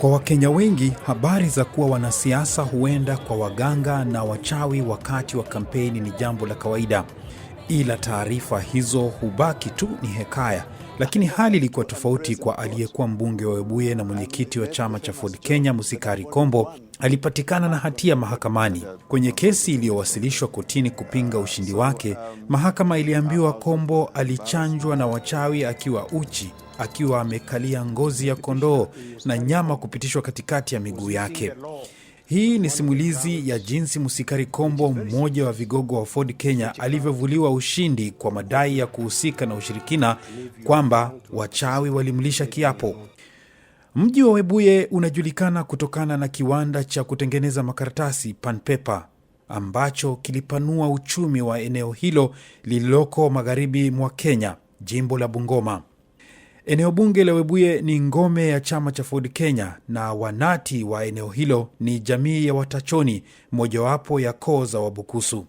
Kwa Wakenya wengi, habari za kuwa wanasiasa huenda kwa waganga na wachawi wakati wa kampeni ni jambo la kawaida, ila taarifa hizo hubaki tu ni hekaya. Lakini hali ilikuwa tofauti kwa aliyekuwa mbunge wa Webuye na mwenyekiti wa chama cha Ford Kenya, Musikari Kombo. Alipatikana na hatia mahakamani kwenye kesi iliyowasilishwa kotini kupinga ushindi wake. Mahakama iliambiwa Kombo alichanjwa na wachawi akiwa uchi akiwa amekalia ngozi ya kondoo na nyama kupitishwa katikati ya miguu yake. Hii ni simulizi ya jinsi Musikari Kombo, mmoja wa vigogo wa Ford Kenya, alivyovuliwa ushindi kwa madai ya kuhusika na ushirikina, kwamba wachawi walimlisha kiapo. Mji wa Webuye unajulikana kutokana na kiwanda cha kutengeneza makaratasi panpepa ambacho kilipanua uchumi wa eneo hilo lililoko magharibi mwa Kenya, jimbo la Bungoma. Eneo bunge la Webuye ni ngome ya chama cha Ford Kenya na wanati wa eneo hilo ni jamii ya Watachoni, mojawapo ya koo za Wabukusu.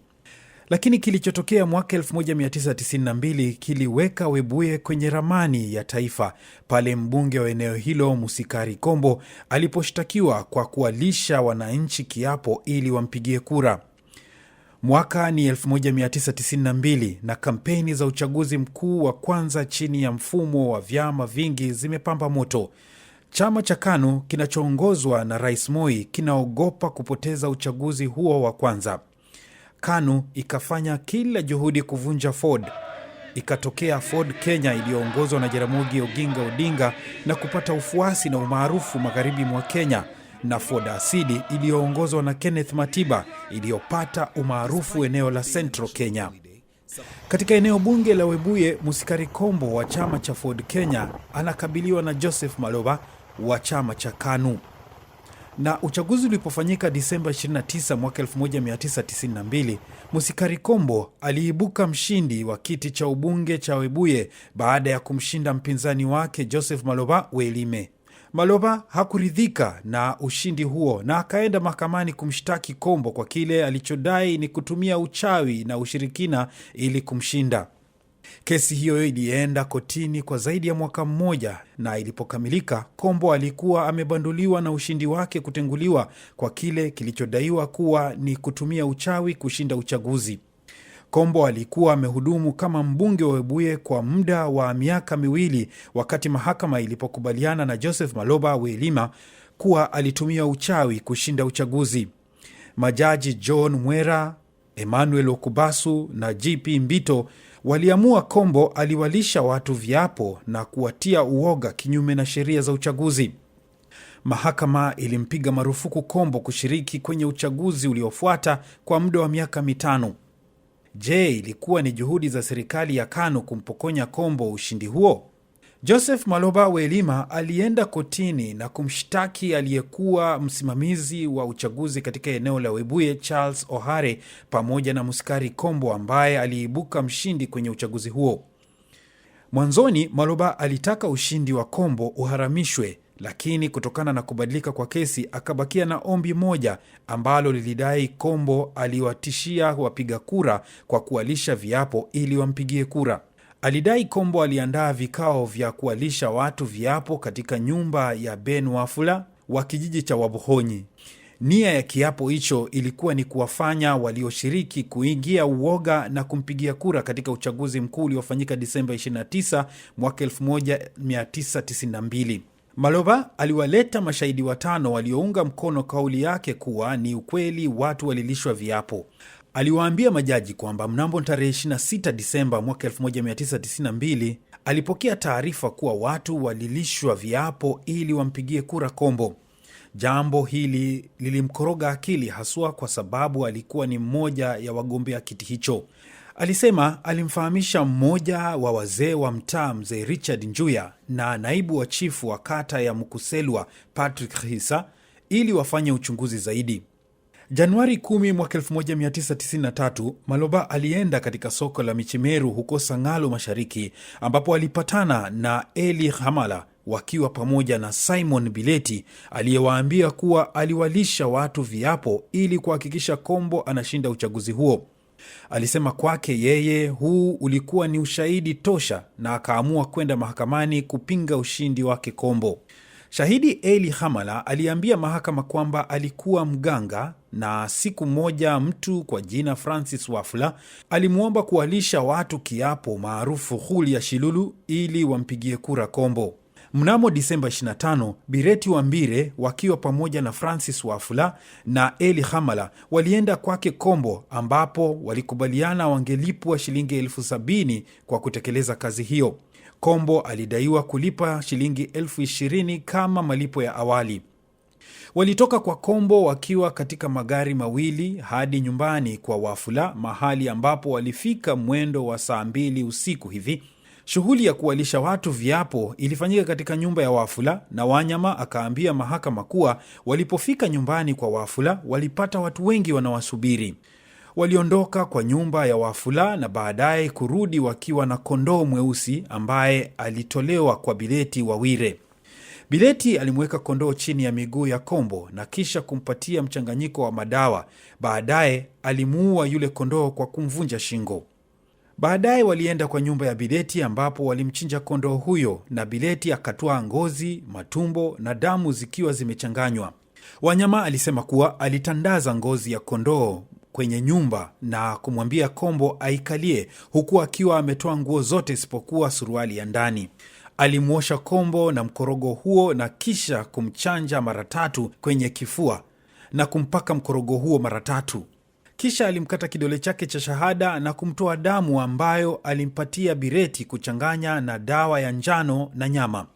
Lakini kilichotokea mwaka 1992 kiliweka Webuye kwenye ramani ya taifa pale mbunge wa eneo hilo Musikari Kombo aliposhtakiwa kwa kuwalisha wananchi kiapo ili wampigie kura. Mwaka ni 1992 na kampeni za uchaguzi mkuu wa kwanza chini ya mfumo wa vyama vingi zimepamba moto. Chama cha KANU kinachoongozwa na Rais Moi kinaogopa kupoteza uchaguzi huo wa kwanza. KANU ikafanya kila juhudi kuvunja Ford. Ikatokea Ford Kenya iliyoongozwa na Jaramogi Oginga Odinga na kupata ufuasi na umaarufu magharibi mwa Kenya na foda asidi iliyoongozwa na Kenneth Matiba iliyopata umaarufu eneo la Central Kenya. Katika eneo bunge la Webuye, Musikari Kombo wa chama cha Ford Kenya anakabiliwa na Joseph Maloba wa chama cha KANU. Na uchaguzi ulipofanyika Disemba 29 mwaka 1992, Musikari Kombo aliibuka mshindi wa kiti cha ubunge cha Webuye baada ya kumshinda mpinzani wake Joseph Maloba Welime. Maloba hakuridhika na ushindi huo na akaenda mahakamani kumshtaki Kombo kwa kile alichodai ni kutumia uchawi na ushirikina ili kumshinda. Kesi hiyo ilienda kotini kwa zaidi ya mwaka mmoja, na ilipokamilika, Kombo alikuwa amebanduliwa na ushindi wake kutenguliwa kwa kile kilichodaiwa kuwa ni kutumia uchawi kushinda uchaguzi. Kombo alikuwa amehudumu kama mbunge wa Webuye kwa muda wa miaka miwili wakati mahakama ilipokubaliana na Joseph Maloba Welima kuwa alitumia uchawi kushinda uchaguzi. Majaji John Mwera, Emmanuel Okubasu na gp Mbito waliamua Kombo aliwalisha watu viapo na kuwatia uoga kinyume na sheria za uchaguzi. Mahakama ilimpiga marufuku Kombo kushiriki kwenye uchaguzi uliofuata kwa muda wa miaka mitano. Je, ilikuwa ni juhudi za serikali ya KANU kumpokonya Kombo ushindi huo? Joseph Maloba Welima alienda kotini na kumshtaki aliyekuwa msimamizi wa uchaguzi katika eneo la Webuye, Charles Ohare, pamoja na Musikari Kombo ambaye aliibuka mshindi kwenye uchaguzi huo. Mwanzoni, Maloba alitaka ushindi wa Kombo uharamishwe lakini kutokana na kubadilika kwa kesi akabakia na ombi moja ambalo lilidai Kombo aliwatishia wapiga kura kwa kuwalisha viapo ili wampigie kura. Alidai Kombo aliandaa vikao vya kuwalisha watu viapo katika nyumba ya Ben Wafula wa kijiji cha Wabuhonyi. Nia ya kiapo hicho ilikuwa ni kuwafanya walioshiriki kuingia uoga na kumpigia kura katika uchaguzi mkuu uliofanyika Disemba 29 mwaka 1992. Malova aliwaleta mashahidi watano waliounga mkono kauli yake kuwa ni ukweli watu walilishwa viapo. Aliwaambia majaji kwamba mnamo tarehe 26 Disemba mwaka 1992 alipokea taarifa kuwa watu walilishwa viapo ili wampigie kura Kombo. Jambo hili lilimkoroga akili, haswa kwa sababu alikuwa ni mmoja ya wagombea kiti hicho. Alisema alimfahamisha mmoja wa wazee wa mtaa mzee Richard Njuya na naibu wa chifu wa kata ya Mkuselwa Patrick Hisa ili wafanye uchunguzi zaidi. Januari 10 mwaka 1993 Maloba alienda katika soko la Michimeru huko Sangalo Mashariki, ambapo alipatana na Eli Hamala wakiwa pamoja na Simon Bileti aliyewaambia kuwa aliwalisha watu viapo ili kuhakikisha Kombo anashinda uchaguzi huo. Alisema kwake yeye huu ulikuwa ni ushahidi tosha, na akaamua kwenda mahakamani kupinga ushindi wake Kombo. Shahidi Eli Hamala aliambia mahakama kwamba alikuwa mganga na siku moja mtu kwa jina Francis Wafula alimwomba kuwalisha watu kiapo maarufu huli ya shilulu ili wampigie kura Kombo. Mnamo Disemba 25, Bireti wa mbire wakiwa pamoja na Francis Wafula na Eli Hamala walienda kwake Kombo, ambapo walikubaliana wangelipwa shilingi elfu sabini kwa kutekeleza kazi hiyo. Kombo alidaiwa kulipa shilingi elfu ishirini kama malipo ya awali. Walitoka kwa Kombo wakiwa katika magari mawili hadi nyumbani kwa Wafula, mahali ambapo walifika mwendo wa saa mbili usiku hivi Shughuli ya kuwalisha watu viapo ilifanyika katika nyumba ya Wafula na Wanyama akaambia mahakama kuwa walipofika nyumbani kwa Wafula walipata watu wengi wanawasubiri. Waliondoka kwa nyumba ya Wafula na baadaye kurudi wakiwa na kondoo mweusi ambaye alitolewa kwa Bileti Wawire. Bileti alimweka kondoo chini ya miguu ya Kombo na kisha kumpatia mchanganyiko wa madawa. Baadaye alimuua yule kondoo kwa kumvunja shingo. Baadaye walienda kwa nyumba ya Bileti ambapo walimchinja kondoo huyo, na Bileti akatwaa ngozi, matumbo na damu zikiwa zimechanganywa. Wanyama alisema kuwa alitandaza ngozi ya kondoo kwenye nyumba na kumwambia Kombo aikalie, huku akiwa ametoa nguo zote isipokuwa suruali ya ndani. Alimwosha Kombo na mkorogo huo na kisha kumchanja mara tatu kwenye kifua na kumpaka mkorogo huo mara tatu. Kisha alimkata kidole chake cha shahada na kumtoa damu ambayo alimpatia Bireti kuchanganya na dawa ya njano na nyama.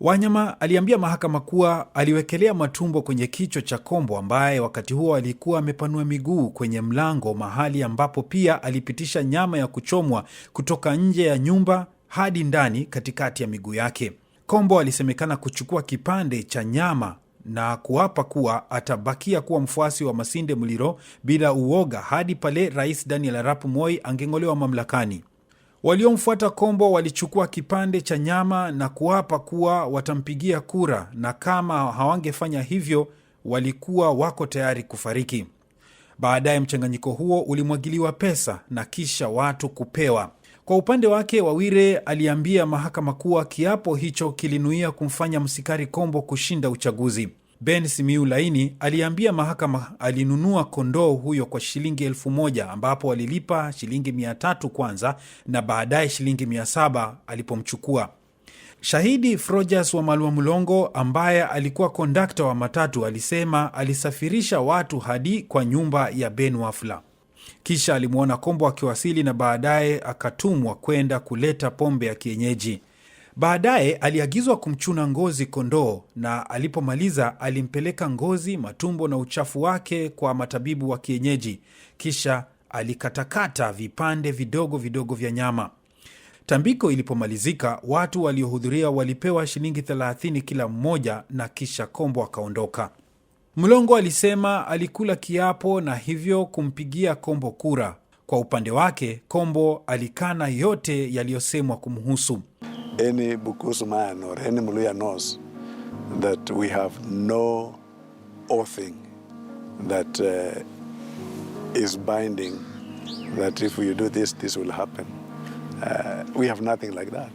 Wanyama aliambia mahakama kuwa aliwekelea matumbo kwenye kichwa cha Kombo ambaye wakati huo alikuwa amepanua miguu kwenye mlango, mahali ambapo pia alipitisha nyama ya kuchomwa kutoka nje ya nyumba hadi ndani katikati ya miguu yake. Kombo alisemekana kuchukua kipande cha nyama na kuapa kuwa atabakia kuwa mfuasi wa Masinde Muliro bila uoga hadi pale Rais Daniel Arap Moi angeng'olewa mamlakani. Waliomfuata Kombo walichukua kipande cha nyama na kuapa kuwa watampigia kura, na kama hawangefanya hivyo walikuwa wako tayari kufariki. Baadaye mchanganyiko huo ulimwagiliwa pesa na kisha watu kupewa kwa upande wake, Wawire aliambia mahakama kuwa kiapo hicho kilinuia kumfanya Msikari Kombo kushinda uchaguzi. Ben Simiu Laini aliambia mahakama alinunua kondoo huyo kwa shilingi elfu moja ambapo alilipa shilingi mia tatu kwanza na baadaye shilingi mia saba alipomchukua. Shahidi Frojas wa Malwa Mlongo ambaye alikuwa kondakta wa matatu alisema alisafirisha watu hadi kwa nyumba ya Ben Wafula. Kisha alimwona Kombo akiwasili na baadaye akatumwa kwenda kuleta pombe ya kienyeji. Baadaye aliagizwa kumchuna ngozi kondoo, na alipomaliza alimpeleka ngozi, matumbo na uchafu wake kwa matabibu wa kienyeji, kisha alikatakata vipande vidogo vidogo vya nyama. Tambiko ilipomalizika, watu waliohudhuria walipewa shilingi 30 kila mmoja, na kisha Kombo akaondoka. Mlongo alisema alikula kiapo na hivyo kumpigia Kombo kura. Kwa upande wake, Kombo alikana yote yaliyosemwa kumhusu. Any or any Mluya knows that we have no oathing that uh, is binding that if you do this, this will happen. Uh, we have nothing like that.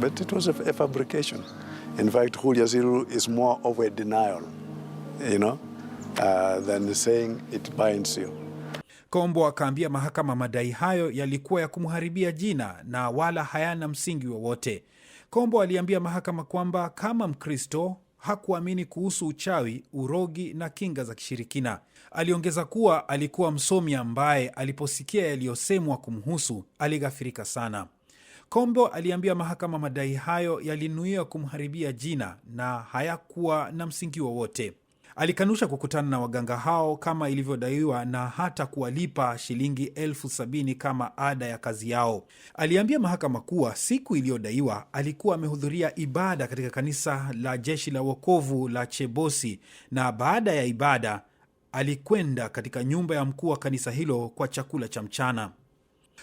But it was a, fabrication. In fact, Julia is more of a denial you know, uh, than saying it binds you. Kombo akaambia mahakama madai hayo yalikuwa ya kumharibia jina na wala hayana msingi wowote. Kombo aliambia mahakama kwamba kama Mkristo hakuamini kuhusu uchawi, urogi na kinga za kishirikina. Aliongeza kuwa alikuwa msomi ambaye aliposikia yaliyosemwa kumhusu alighafirika sana. Kombo aliambia mahakama madai hayo yalinuiwa kumharibia jina na hayakuwa na msingi wowote. Alikanusha kukutana na waganga hao kama ilivyodaiwa na hata kuwalipa shilingi elfu sabini kama ada ya kazi yao. Aliambia mahakama kuwa siku iliyodaiwa alikuwa amehudhuria ibada katika kanisa la Jeshi la Wokovu la Chebosi, na baada ya ibada alikwenda katika nyumba ya mkuu wa kanisa hilo kwa chakula cha mchana.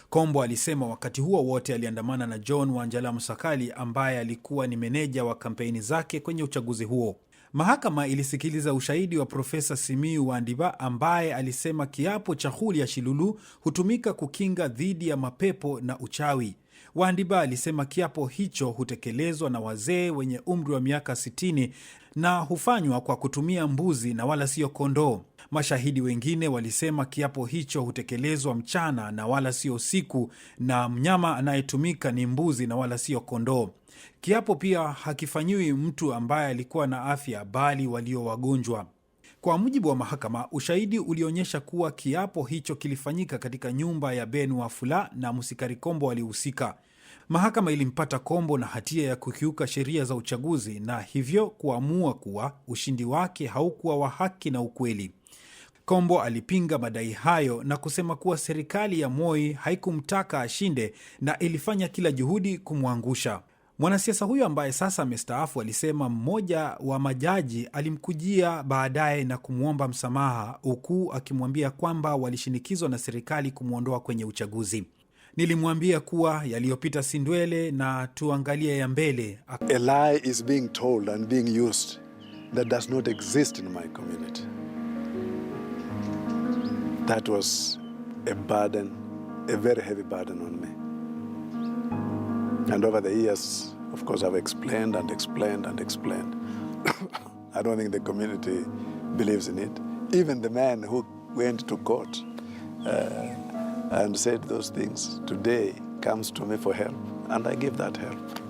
Kombo alisema wakati huo wote aliandamana na John Wanjala Msakali ambaye alikuwa ni meneja wa kampeni zake kwenye uchaguzi huo. Mahakama ilisikiliza ushahidi wa Profesa simiu Wandiba ambaye alisema kiapo cha ya Shilulu hutumika kukinga dhidi ya mapepo na uchawi. Wandiba alisema kiapo hicho hutekelezwa na wazee wenye umri wa miaka 60 na hufanywa kwa kutumia mbuzi na wala siyo kondoo. Mashahidi wengine walisema kiapo hicho hutekelezwa mchana na wala sio usiku, na mnyama anayetumika ni mbuzi na wala sio kondoo. Kiapo pia hakifanyiwi mtu ambaye alikuwa na afya, bali walio wagonjwa. Kwa mujibu wa mahakama, ushahidi ulionyesha kuwa kiapo hicho kilifanyika katika nyumba ya Ben Wafula na Musikarikombo walihusika. Mahakama ilimpata Kombo na hatia ya kukiuka sheria za uchaguzi na hivyo kuamua kuwa ushindi wake haukuwa wa haki na ukweli. Kombo alipinga madai hayo na kusema kuwa serikali ya Moi haikumtaka ashinde na ilifanya kila juhudi kumwangusha. Mwanasiasa huyo ambaye sasa amestaafu alisema mmoja wa majaji alimkujia baadaye na kumwomba msamaha, huku akimwambia kwamba walishinikizwa na serikali kumwondoa kwenye uchaguzi. Nilimwambia kuwa yaliyopita si ndwele na tuangalie ya mbele. A lie is being told and being used that does not exist in my community. That was a burden, a very heavy burden on me. And over the years, of course, I've explained and explained and explained. I don't think the community believes in it. Even the man who went to court uh, and said those things. Today comes to me for help, and I give that help.